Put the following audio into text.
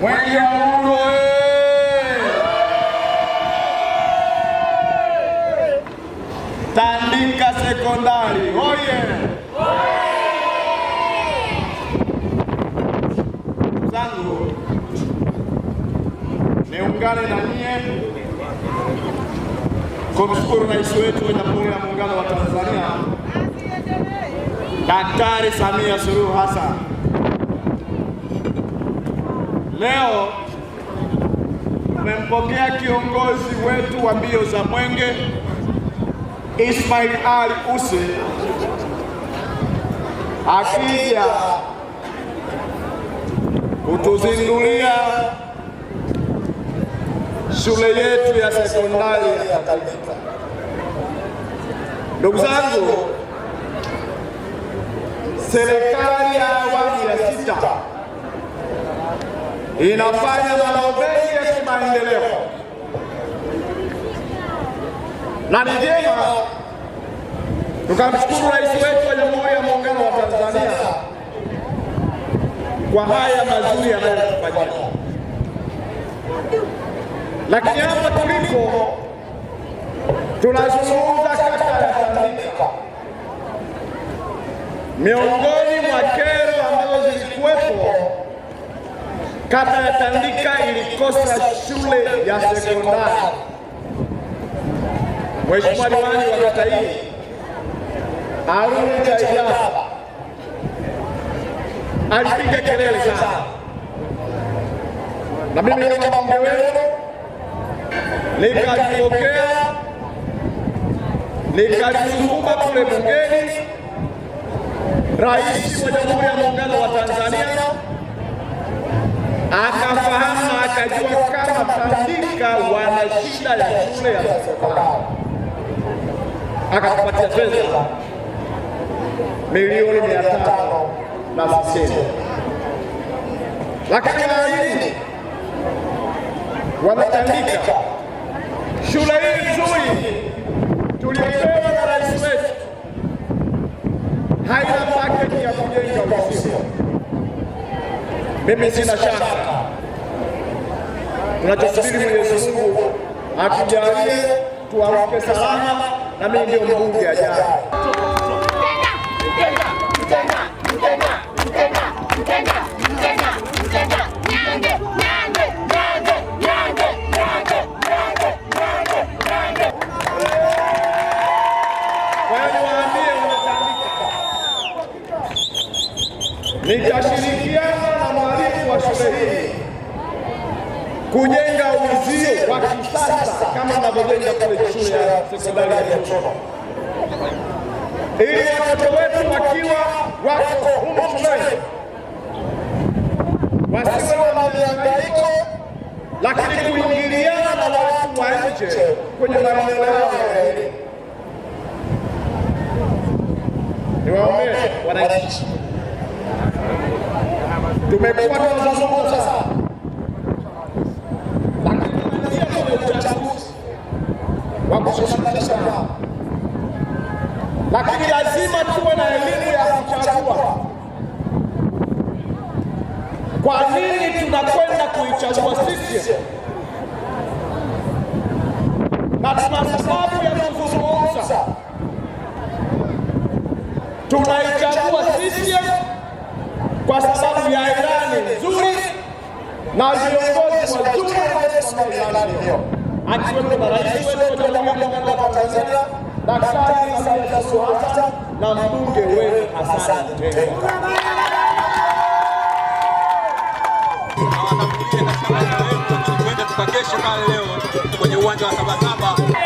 Mwenge wa Uhuru Tandika Sekondari oye! zangu, niungane na nyie kumshukuru rais wetu wa Jamhuri ya Muungano wa Tanzania Daktari Samia Suluhu Hassan Leo tumempokea kiongozi wetu wa mbio za mwenge Ismail Ali Use akija kutuzindulia shule yetu ya sekondari ya Tandika. Ndugu zangu, serikali ya awamu ya sita inafanya maombezi ya kimaendeleo na ni jema tukamshukuru Rais wetu wa Jamhuri ya Muungano wa Tanzania kwa haya mazuri yanayotufanyia. Lakini hapa tulipo tunazungumza kata ya Tandika, miongoni mwa kero ambazo zilikuwepo Kata ya Tandika ilikosa shule ya sekondari. Mheshimiwa diwani wa kata hii Harun Chaijaba alipiga kelele sana, na mimi kama mbunge wenu nikalipokea, nikalisukuma kule bungeni. Rais wa Jamhuri ya Muungano wa Tanzania akafahamu akajua kama Tandika wana shida ya shule ya sekondari, akatupatia pesa milioni mia tano na sitini, lakini waalimu wanatandika shule hii nzuri tulio Mimi sina shaka tunachosubiri Mwenyezi Mungu atujalie tuamke salama, na mimi ndio mbunge ajaye. nitashirikiana na mwalimu wa shule hii kujenga uzio wa kisasa kama anavyojenga kule shule ya sekondari ya Mtoro, ili watoto wetu wakiwa wako humu shuleni wasiwe na mihangaiko, lakini kuingiliana na watu wa nje kwenye maeneo yao ya elimu. wananchi tumekuwa tunazungumza sana, wa kushirikisha kwao, lakini lazima tuwe na elimu ya kuchagua. Kwa nini tunakwenda kuichagua sisi? Na tuna sababu ya kuzungumza, tunaichagua sisi kwa sababu na viongozi wazuri wanaosimamia akiwepo marais wetu wa Jamhuri ya Tanzania, Daktari Samia Suluhu Hassan na mbunge wetu Hassan Mtenga. Tukakesha pale leo kwenye uwanja wa Sabasaba.